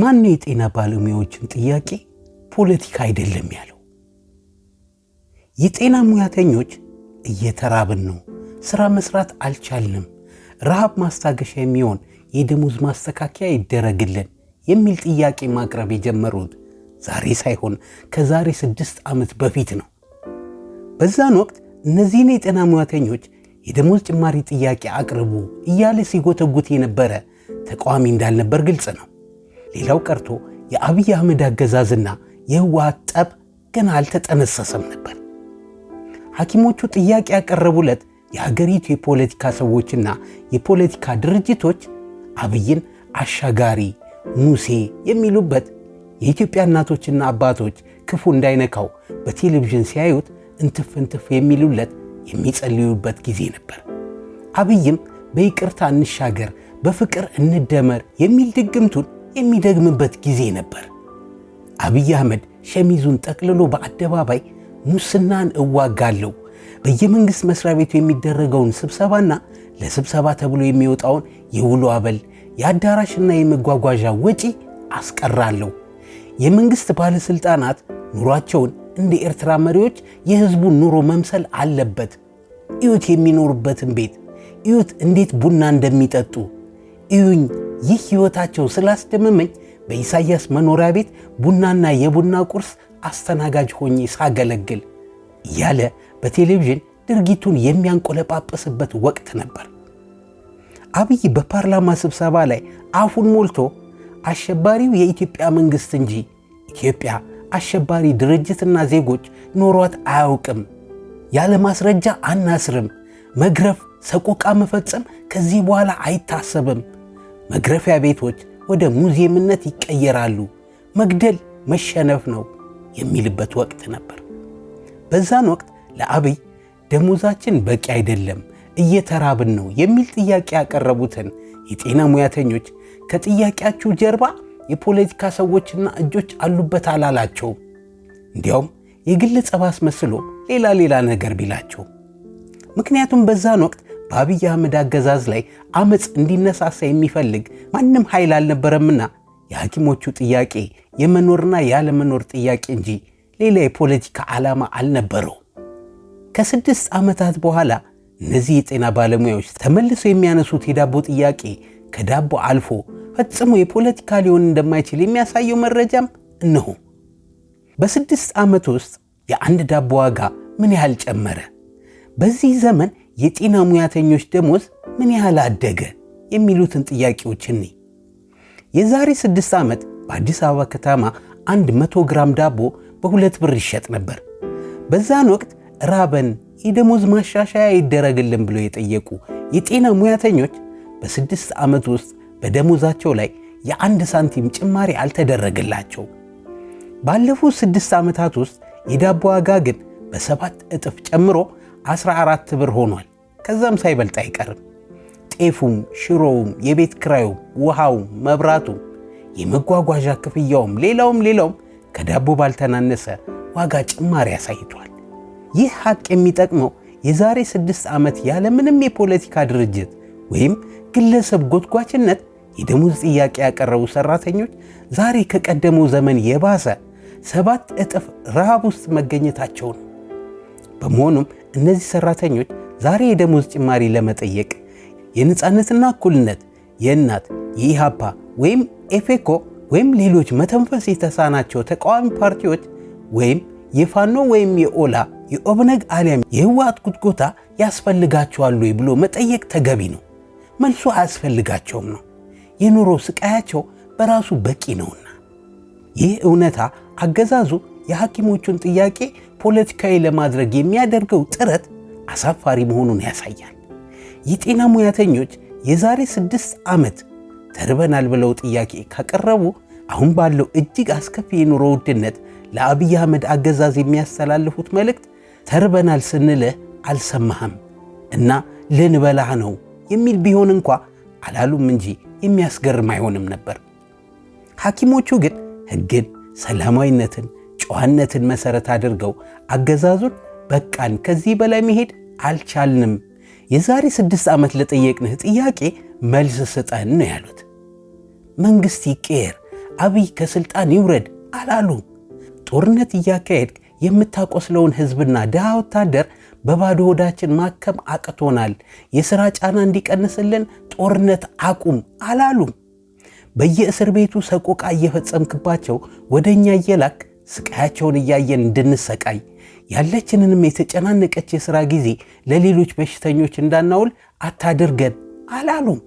ማን የጤና ባለሙያዎችን ጥያቄ ፖለቲካ አይደለም ያለው? የጤና ሙያተኞች እየተራብን ነው፣ ስራ መስራት አልቻልንም፣ ረሃብ ማስታገሻ የሚሆን የደሞዝ ማስተካከያ ይደረግልን የሚል ጥያቄ ማቅረብ የጀመሩት ዛሬ ሳይሆን ከዛሬ ስድስት ዓመት በፊት ነው። በዛን ወቅት እነዚህን የጤና ሙያተኞች የደሞዝ ጭማሪ ጥያቄ አቅርቡ እያለ ሲጎተጉት የነበረ ተቃዋሚ እንዳልነበር ግልጽ ነው። ሌላው ቀርቶ የአብይ አህመድ አገዛዝና የህወሓት ጠብ ገና አልተጠነሰሰም ነበር። ሐኪሞቹ ጥያቄ ያቀረቡለት የሀገሪቱ የፖለቲካ ሰዎችና የፖለቲካ ድርጅቶች አብይን አሻጋሪ ሙሴ የሚሉበት የኢትዮጵያ እናቶችና አባቶች ክፉ እንዳይነካው በቴሌቪዥን ሲያዩት እንትፍ እንትፍ የሚሉለት የሚጸልዩበት ጊዜ ነበር። አብይም በይቅርታ እንሻገር፣ በፍቅር እንደመር የሚል ድግምቱን የሚደግምበት ጊዜ ነበር። አብይ አህመድ ሸሚዙን ጠቅልሎ በአደባባይ ሙስናን እዋጋለሁ፣ በየመንግሥት መስሪያ ቤቱ የሚደረገውን ስብሰባና ለስብሰባ ተብሎ የሚወጣውን የውሎ አበል፣ የአዳራሽና የመጓጓዣ ወጪ አስቀራለሁ፣ የመንግሥት ባለሥልጣናት ኑሯቸውን እንደ ኤርትራ መሪዎች የሕዝቡን ኑሮ መምሰል አለበት፣ እዩት የሚኖሩበትን ቤት፣ እዩት እንዴት ቡና እንደሚጠጡ፣ እዩኝ ይህ ሕይወታቸው ስላስደመመኝ በኢሳይያስ መኖሪያ ቤት ቡናና የቡና ቁርስ አስተናጋጅ ሆኜ ሳገለግል እያለ በቴሌቪዥን ድርጊቱን የሚያንቆለጳጵስበት ወቅት ነበር። አብይ በፓርላማ ስብሰባ ላይ አፉን ሞልቶ አሸባሪው የኢትዮጵያ መንግሥት እንጂ ኢትዮጵያ አሸባሪ ድርጅትና ዜጎች ኖሯት አያውቅም፣ ያለ ማስረጃ አናስርም፣ መግረፍ፣ ሰቆቃ መፈጸም ከዚህ በኋላ አይታሰብም መግረፊያ ቤቶች ወደ ሙዚየምነት ይቀየራሉ። መግደል መሸነፍ ነው የሚልበት ወቅት ነበር። በዛን ወቅት ለአብይ ደሞዛችን በቂ አይደለም፣ እየተራብን ነው የሚል ጥያቄ ያቀረቡትን የጤና ሙያተኞች ከጥያቄያችሁ ጀርባ የፖለቲካ ሰዎችና እጆች አሉበት አላላቸው። እንዲያውም የግል ጸባስ መስሎ ሌላ ሌላ ነገር ቢላቸው። ምክንያቱም በዛን ወቅት በአብይ አህመድ አገዛዝ ላይ አመፅ እንዲነሳሳ የሚፈልግ ማንም ኃይል አልነበረምና የሐኪሞቹ ጥያቄ የመኖርና ያለመኖር ጥያቄ እንጂ ሌላ የፖለቲካ ዓላማ አልነበረው። ከስድስት ዓመታት በኋላ እነዚህ የጤና ባለሙያዎች ተመልሶ የሚያነሱት የዳቦ ጥያቄ ከዳቦ አልፎ ፈጽሞ የፖለቲካ ሊሆን እንደማይችል የሚያሳየው መረጃም እነሆ። በስድስት ዓመት ውስጥ የአንድ ዳቦ ዋጋ ምን ያህል ጨመረ? በዚህ ዘመን የጤና ሙያተኞች ደሞዝ ምን ያህል አደገ የሚሉትን ጥያቄዎች የዛሬ ስድስት ዓመት በአዲስ አበባ ከተማ አንድ መቶ ግራም ዳቦ በሁለት ብር ይሸጥ ነበር። በዛን ወቅት ራበን፣ የደሞዝ ማሻሻያ ይደረግልን ብለው የጠየቁ የጤና ሙያተኞች በስድስት ዓመት ውስጥ በደሞዛቸው ላይ የአንድ ሳንቲም ጭማሪ አልተደረገላቸው። ባለፉት ስድስት ዓመታት ውስጥ የዳቦ ዋጋ ግን በሰባት እጥፍ ጨምሮ 14 ብር ሆኗል። ከዛም ሳይበልጥ አይቀርም። ጤፉም፣ ሽሮውም፣ የቤት ክራዩም፣ ውሃውም፣ መብራቱም፣ የመጓጓዣ ክፍያውም፣ ሌላውም ሌላውም ከዳቦ ባልተናነሰ ዋጋ ጭማሪ አሳይቷል። ይህ ሀቅ የሚጠቅመው የዛሬ ስድስት ዓመት ያለምንም የፖለቲካ ድርጅት ወይም ግለሰብ ጎትጓችነት የደሞዝ ጥያቄ ያቀረቡ ሰራተኞች ዛሬ ከቀደመው ዘመን የባሰ ሰባት እጥፍ ረሃብ ውስጥ መገኘታቸው ነው። በመሆኑም እነዚህ ሰራተኞች ዛሬ የደሞዝ ጭማሪ ለመጠየቅ የነፃነትና እኩልነት፣ የእናት፣ የኢሃፓ ወይም ኤፌኮ ወይም ሌሎች መተንፈስ የተሳናቸው ተቃዋሚ ፓርቲዎች ወይም የፋኖ ወይም የኦላ የኦብነግ አሊያም የህወሓት ጉትጎታ ያስፈልጋቸዋሉ ብሎ መጠየቅ ተገቢ ነው። መልሱ አያስፈልጋቸውም ነው። የኑሮ ስቃያቸው በራሱ በቂ ነውና ይህ እውነታ አገዛዙ የሐኪሞቹን ጥያቄ ፖለቲካዊ ለማድረግ የሚያደርገው ጥረት አሳፋሪ መሆኑን ያሳያል። የጤና ሙያተኞች የዛሬ ስድስት ዓመት ተርበናል ብለው ጥያቄ ካቀረቡ አሁን ባለው እጅግ አስከፊ የኑሮ ውድነት ለአብይ አህመድ አገዛዝ የሚያስተላልፉት መልእክት ተርበናል ስንልህ አልሰማህም እና ልንበላህ ነው የሚል ቢሆን እንኳ አላሉም እንጂ የሚያስገርም አይሆንም ነበር። ሐኪሞቹ ግን ሕግን፣ ሰላማዊነትን ጨዋነትን መሠረት አድርገው አገዛዙን በቃን፣ ከዚህ በላይ መሄድ አልቻልንም፣ የዛሬ ስድስት ዓመት ለጠየቅንህ ጥያቄ መልስ ስጠን ነው ያሉት። መንግሥት ይቀየር፣ አብይ ከሥልጣን ይውረድ አላሉ። ጦርነት እያካሄድክ የምታቆስለውን ሕዝብና ድሃ ወታደር በባዶ ሆዳችን ማከም አቅቶናል፣ የሥራ ጫና እንዲቀንስልን ጦርነት አቁም አላሉ። በየእስር ቤቱ ሰቆቃ እየፈጸምክባቸው ወደ እኛ እየላክ ስቃያቸውን እያየን እንድንሰቃይ ያለችንንም የተጨናነቀች የሥራ ጊዜ ለሌሎች በሽተኞች እንዳናውል አታድርገን አላሉም።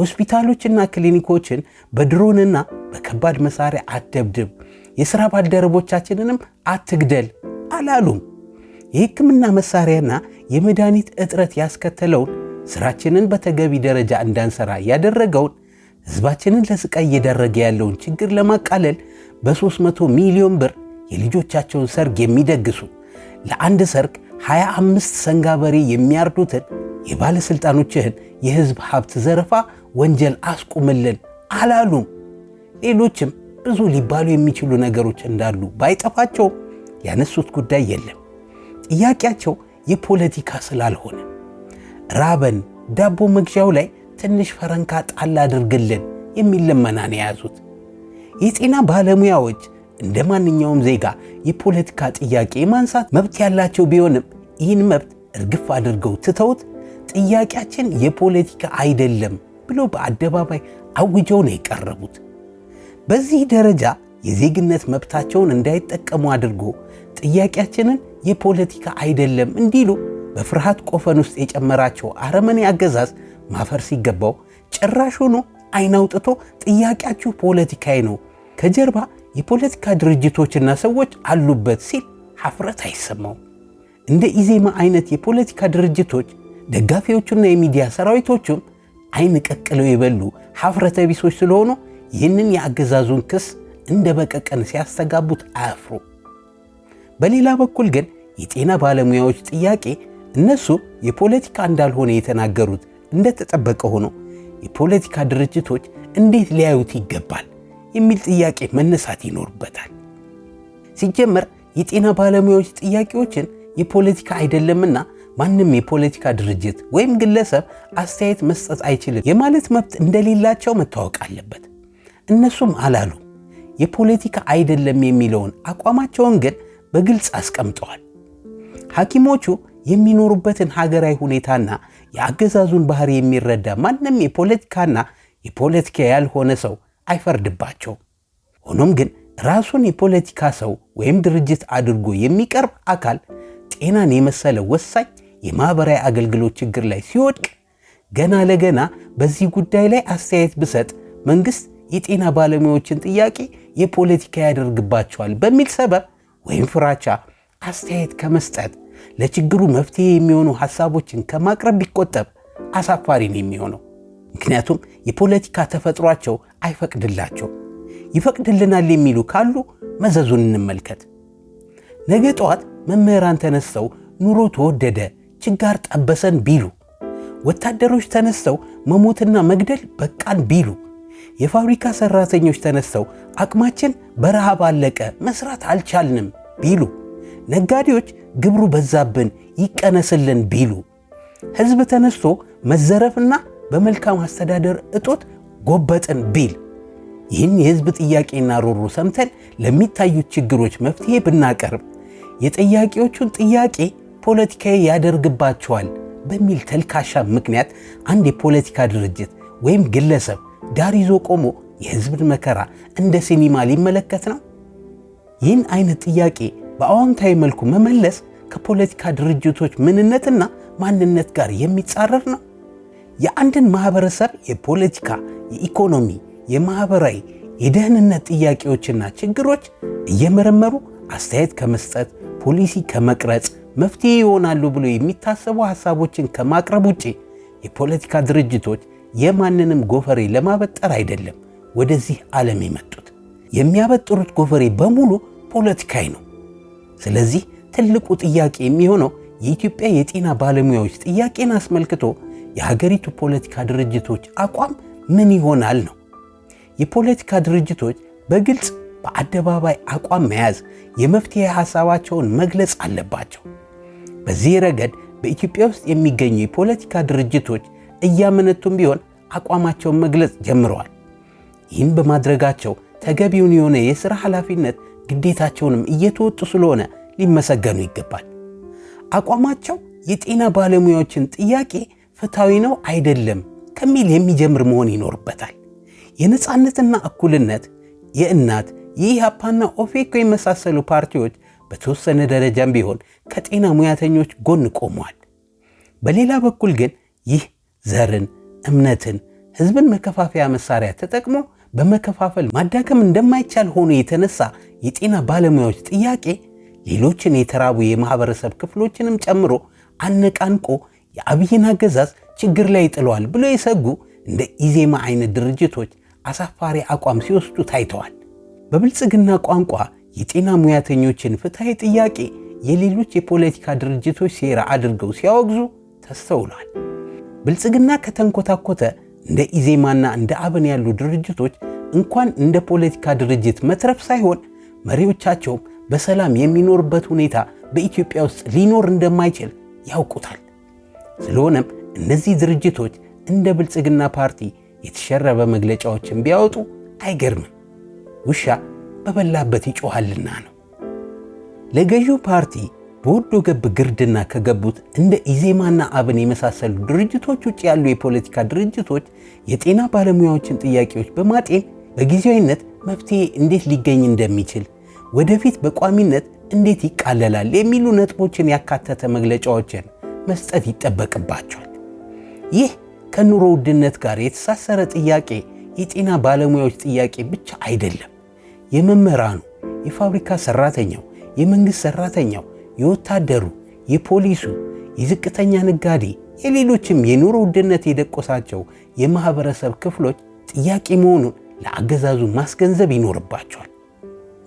ሆስፒታሎችና ክሊኒኮችን በድሮንና በከባድ መሳሪያ አትደብድብ፣ የሥራ ባልደረቦቻችንንም አትግደል አላሉም። የሕክምና መሳሪያና የመድኃኒት እጥረት ያስከተለውን ሥራችንን በተገቢ ደረጃ እንዳንሰራ ያደረገውን ሕዝባችንን ለስቃይ እየደረገ ያለውን ችግር ለማቃለል በ300 ሚሊዮን ብር የልጆቻቸውን ሰርግ የሚደግሱ ለአንድ ሰርግ 25 ሰንጋ በሬ የሚያርዱትን የባለሥልጣኖችህን የሕዝብ ሀብት ዘረፋ ወንጀል አስቁምልን አላሉም። ሌሎችም ብዙ ሊባሉ የሚችሉ ነገሮች እንዳሉ ባይጠፋቸው ያነሱት ጉዳይ የለም። ጥያቄያቸው የፖለቲካ ስላልሆነ ራበን፣ ዳቦ መግዣው ላይ ትንሽ ፈረንካ ጣል አድርግልን የሚል ልመናን የያዙት የጤና ባለሙያዎች እንደ ማንኛውም ዜጋ የፖለቲካ ጥያቄ ማንሳት መብት ያላቸው ቢሆንም ይህን መብት እርግፍ አድርገው ትተውት ጥያቄያችን የፖለቲካ አይደለም ብሎ በአደባባይ አውጀው ነው የቀረቡት። በዚህ ደረጃ የዜግነት መብታቸውን እንዳይጠቀሙ አድርጎ ጥያቄያችንን የፖለቲካ አይደለም እንዲሉ በፍርሃት ቆፈን ውስጥ የጨመራቸው አረመኔ አገዛዝ ማፈር ሲገባው ጭራሽ ሆኖ አይን አውጥቶ ጥያቄያችሁ ፖለቲካዊ ነው ከጀርባ የፖለቲካ ድርጅቶችና ሰዎች አሉበት ሲል ሐፍረት አይሰማውም። እንደ ኢዜማ አይነት የፖለቲካ ድርጅቶች ደጋፊዎቹና የሚዲያ ሰራዊቶቹም አይን ቀቅለው የበሉ ሐፍረተ ቢሶች ስለሆኑ ይህንን የአገዛዙን ክስ እንደ በቀቀን ሲያስተጋቡት አያፍሩ። በሌላ በኩል ግን የጤና ባለሙያዎች ጥያቄ እነሱ የፖለቲካ እንዳልሆነ የተናገሩት እንደተጠበቀ ሆኖ የፖለቲካ ድርጅቶች እንዴት ሊያዩት ይገባል? የሚል ጥያቄ መነሳት ይኖርበታል። ሲጀመር የጤና ባለሙያዎች ጥያቄዎችን የፖለቲካ አይደለምና ማንም የፖለቲካ ድርጅት ወይም ግለሰብ አስተያየት መስጠት አይችልም የማለት መብት እንደሌላቸው መታወቅ አለበት። እነሱም አላሉ። የፖለቲካ አይደለም የሚለውን አቋማቸውን ግን በግልጽ አስቀምጠዋል። ሐኪሞቹ የሚኖሩበትን ሀገራዊ ሁኔታና የአገዛዙን ባህሪ የሚረዳ ማንም የፖለቲካና የፖለቲካ ያልሆነ ሰው አይፈርድባቸው ሆኖም ግን ራሱን የፖለቲካ ሰው ወይም ድርጅት አድርጎ የሚቀርብ አካል ጤናን የመሰለ ወሳኝ የማኅበራዊ አገልግሎት ችግር ላይ ሲወድቅ ገና ለገና በዚህ ጉዳይ ላይ አስተያየት ብሰጥ መንግሥት የጤና ባለሙያዎችን ጥያቄ የፖለቲካ ያደርግባቸዋል በሚል ሰበብ ወይም ፍራቻ አስተያየት ከመስጠት ለችግሩ መፍትሄ የሚሆኑ ሐሳቦችን ከማቅረብ ቢቆጠብ አሳፋሪ ነው የሚሆነው። ምክንያቱም የፖለቲካ ተፈጥሯቸው አይፈቅድላቸው። ይፈቅድልናል የሚሉ ካሉ መዘዙን እንመልከት። ነገ ጠዋት መምህራን ተነስተው ኑሮ ተወደደ፣ ችጋር ጠበሰን ቢሉ፣ ወታደሮች ተነስተው መሞትና መግደል በቃን ቢሉ፣ የፋብሪካ ሰራተኞች ተነስተው አቅማችን በረሃብ አለቀ፣ መስራት አልቻልንም ቢሉ፣ ነጋዴዎች ግብሩ በዛብን፣ ይቀነስልን ቢሉ፣ ሕዝብ ተነስቶ መዘረፍና በመልካም አስተዳደር እጦት ጎበጥን ቢል ይህን የህዝብ ጥያቄና ሮሮ ሰምተን ለሚታዩት ችግሮች መፍትሄ ብናቀርብ የጠያቂዎቹን ጥያቄ ፖለቲካዊ ያደርግባቸዋል በሚል ተልካሻ ምክንያት አንድ የፖለቲካ ድርጅት ወይም ግለሰብ ዳር ይዞ ቆሞ የህዝብን መከራ እንደ ሲኒማ ሊመለከት ነው። ይህን አይነት ጥያቄ በአዎንታዊ መልኩ መመለስ ከፖለቲካ ድርጅቶች ምንነትና ማንነት ጋር የሚጻረር ነው። የአንድን ማህበረሰብ የፖለቲካ፣ የኢኮኖሚ፣ የማህበራዊ፣ የደህንነት ጥያቄዎችና ችግሮች እየመረመሩ አስተያየት ከመስጠት፣ ፖሊሲ ከመቅረጽ፣ መፍትሄ ይሆናሉ ብሎ የሚታሰቡ ሀሳቦችን ከማቅረብ ውጭ የፖለቲካ ድርጅቶች የማንንም ጎፈሬ ለማበጠር አይደለም ወደዚህ ዓለም የመጡት። የሚያበጥሩት ጎፈሬ በሙሉ ፖለቲካዊ ነው። ስለዚህ ትልቁ ጥያቄ የሚሆነው የኢትዮጵያ የጤና ባለሙያዎች ጥያቄን አስመልክቶ የሀገሪቱ ፖለቲካ ድርጅቶች አቋም ምን ይሆናል ነው። የፖለቲካ ድርጅቶች በግልጽ በአደባባይ አቋም መያዝ፣ የመፍትሄ ሐሳባቸውን መግለጽ አለባቸው። በዚህ ረገድ በኢትዮጵያ ውስጥ የሚገኙ የፖለቲካ ድርጅቶች እያመነቱም ቢሆን አቋማቸውን መግለጽ ጀምረዋል። ይህም በማድረጋቸው ተገቢውን የሆነ የሥራ ኃላፊነት ግዴታቸውንም እየተወጡ ስለሆነ ሊመሰገኑ ይገባል። አቋማቸው የጤና ባለሙያዎችን ጥያቄ ፍትሐዊ ነው አይደለም ከሚል የሚጀምር መሆን ይኖርበታል። የነፃነትና እኩልነት የእናት የኢህአፓና ኦፌኮ የመሳሰሉ ፓርቲዎች በተወሰነ ደረጃም ቢሆን ከጤና ሙያተኞች ጎን ቆመዋል። በሌላ በኩል ግን ይህ ዘርን፣ እምነትን፣ ህዝብን መከፋፈያ መሳሪያ ተጠቅሞ በመከፋፈል ማዳከም እንደማይቻል ሆኖ የተነሳ የጤና ባለሙያዎች ጥያቄ ሌሎችን የተራቡ የማህበረሰብ ክፍሎችንም ጨምሮ አነቃንቆ የአብይን አገዛዝ ችግር ላይ ይጥለዋል ብሎ የሰጉ እንደ ኢዜማ አይነት ድርጅቶች አሳፋሪ አቋም ሲወስዱ ታይተዋል። በብልጽግና ቋንቋ የጤና ሙያተኞችን ፍትሐዊ ጥያቄ የሌሎች የፖለቲካ ድርጅቶች ሴራ አድርገው ሲያወግዙ ተስተውሏል። ብልጽግና ከተንኮታኮተ እንደ ኢዜማና እንደ አብን ያሉ ድርጅቶች እንኳን እንደ ፖለቲካ ድርጅት መትረፍ ሳይሆን መሪዎቻቸውም በሰላም የሚኖርበት ሁኔታ በኢትዮጵያ ውስጥ ሊኖር እንደማይችል ያውቁታል። ስለሆነም እነዚህ ድርጅቶች እንደ ብልጽግና ፓርቲ የተሸረበ መግለጫዎችን ቢያወጡ አይገርምም። ውሻ በበላበት ይጮሃልና ነው። ለገዢው ፓርቲ በወዶ ገብ ግርድና ከገቡት እንደ ኢዜማና አብን የመሳሰሉ ድርጅቶች ውጭ ያሉ የፖለቲካ ድርጅቶች የጤና ባለሙያዎችን ጥያቄዎች በማጤን በጊዜያዊነት መፍትሄ እንዴት ሊገኝ እንደሚችል ወደፊት በቋሚነት እንዴት ይቃለላል የሚሉ ነጥቦችን ያካተተ መግለጫዎችን መስጠት ይጠበቅባቸዋል። ይህ ከኑሮ ውድነት ጋር የተሳሰረ ጥያቄ የጤና ባለሙያዎች ጥያቄ ብቻ አይደለም። የመምህራኑ፣ የፋብሪካ ሰራተኛው፣ የመንግሥት ሰራተኛው፣ የወታደሩ፣ የፖሊሱ፣ የዝቅተኛ ነጋዴ፣ የሌሎችም የኑሮ ውድነት የደቆሳቸው የማኅበረሰብ ክፍሎች ጥያቄ መሆኑን ለአገዛዙ ማስገንዘብ ይኖርባቸዋል።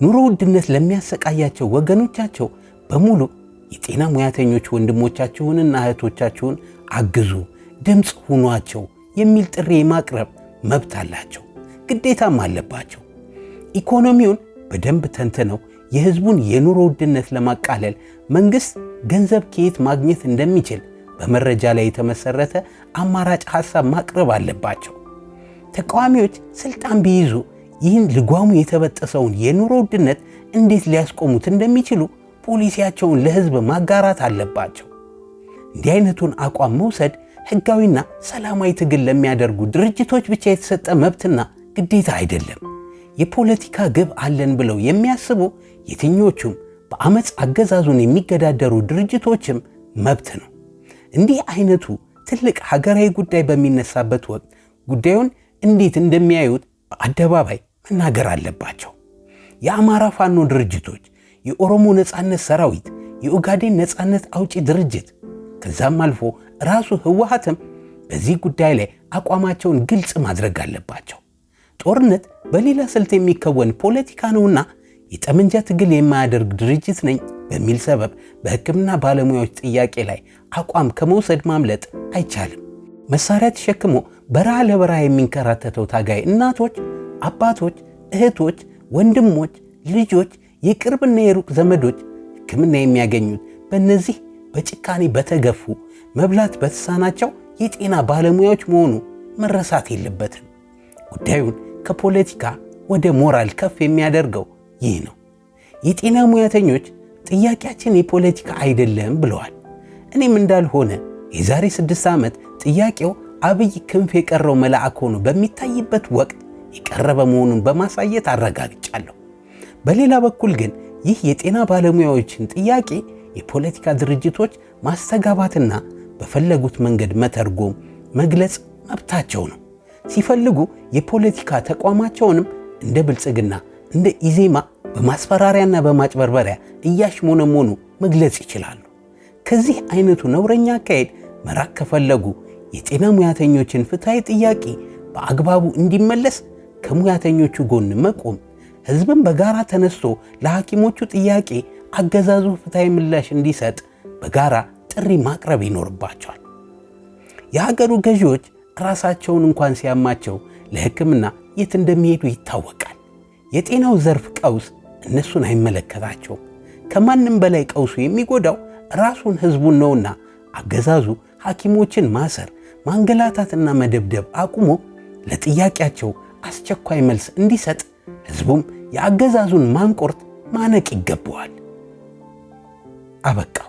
ኑሮ ውድነት ለሚያሰቃያቸው ወገኖቻቸው በሙሉ የጤና ሙያተኞች ወንድሞቻችሁንና እህቶቻችሁን አግዙ፣ ድምፅ ሁኗቸው የሚል ጥሪ የማቅረብ መብት አላቸው፣ ግዴታም አለባቸው። ኢኮኖሚውን በደንብ ተንትነው የህዝቡን የኑሮ ውድነት ለማቃለል መንግሥት ገንዘብ ከየት ማግኘት እንደሚችል በመረጃ ላይ የተመሰረተ አማራጭ ሐሳብ ማቅረብ አለባቸው። ተቃዋሚዎች ስልጣን ቢይዙ ይህን ልጓሙ የተበጠሰውን የኑሮ ውድነት እንዴት ሊያስቆሙት እንደሚችሉ ፖሊሲያቸውን ለህዝብ ማጋራት አለባቸው። እንዲህ አይነቱን አቋም መውሰድ ህጋዊና ሰላማዊ ትግል ለሚያደርጉ ድርጅቶች ብቻ የተሰጠ መብትና ግዴታ አይደለም። የፖለቲካ ግብ አለን ብለው የሚያስቡ የትኞቹም በአመፅ አገዛዙን የሚገዳደሩ ድርጅቶችም መብት ነው። እንዲህ አይነቱ ትልቅ ሀገራዊ ጉዳይ በሚነሳበት ወቅት ጉዳዩን እንዴት እንደሚያዩት በአደባባይ መናገር አለባቸው። የአማራ ፋኖ ድርጅቶች የኦሮሞ ነፃነት ሰራዊት፣ የኦጋዴን ነፃነት አውጪ ድርጅት ከዛም አልፎ ራሱ ህወሓትም በዚህ ጉዳይ ላይ አቋማቸውን ግልጽ ማድረግ አለባቸው። ጦርነት በሌላ ስልት የሚከወን ፖለቲካ ነውና የጠመንጃ ትግል የማያደርግ ድርጅት ነኝ በሚል ሰበብ በሕክምና ባለሙያዎች ጥያቄ ላይ አቋም ከመውሰድ ማምለጥ አይቻልም። መሳሪያ ተሸክሞ በረሃ ለበረሃ የሚንከራተተው ታጋይ እናቶች፣ አባቶች፣ እህቶች፣ ወንድሞች፣ ልጆች የቅርብና የሩቅ ዘመዶች ሕክምና የሚያገኙት በእነዚህ በጭካኔ በተገፉ መብላት በተሳናቸው የጤና ባለሙያዎች መሆኑ መረሳት የለበትም። ጉዳዩን ከፖለቲካ ወደ ሞራል ከፍ የሚያደርገው ይህ ነው። የጤና ሙያተኞች ጥያቄያችን የፖለቲካ አይደለም ብለዋል። እኔም እንዳልሆነ የዛሬ ስድስት ዓመት ጥያቄው አብይ ክንፍ የቀረው መልአክ ሆኖ በሚታይበት ወቅት የቀረበ መሆኑን በማሳየት አረጋግጫለሁ። በሌላ በኩል ግን ይህ የጤና ባለሙያዎችን ጥያቄ የፖለቲካ ድርጅቶች ማስተጋባትና በፈለጉት መንገድ መተርጎም፣ መግለጽ መብታቸው ነው። ሲፈልጉ የፖለቲካ ተቋማቸውንም እንደ ብልጽግና፣ እንደ ኢዜማ በማስፈራሪያና በማጭበርበሪያ እያሽሞነሞኑ መግለጽ ይችላሉ። ከዚህ አይነቱ ነውረኛ አካሄድ መራቅ ከፈለጉ የጤና ሙያተኞችን ፍትሐዊ ጥያቄ በአግባቡ እንዲመለስ ከሙያተኞቹ ጎን መቆም ህዝብም በጋራ ተነስቶ ለሐኪሞቹ ጥያቄ አገዛዙ ፍትሐዊ ምላሽ እንዲሰጥ በጋራ ጥሪ ማቅረብ ይኖርባቸዋል። የሀገሩ ገዢዎች ራሳቸውን እንኳን ሲያማቸው ለሕክምና የት እንደሚሄዱ ይታወቃል። የጤናው ዘርፍ ቀውስ እነሱን አይመለከታቸውም። ከማንም በላይ ቀውሱ የሚጎዳው ራሱን ህዝቡን ነውና አገዛዙ ሐኪሞችን ማሰር፣ ማንገላታትና መደብደብ አቁሞ ለጥያቄያቸው አስቸኳይ መልስ እንዲሰጥ ህዝቡም የአገዛዙን ማንቆርት ማነቅ ይገባዋል። አበቃ።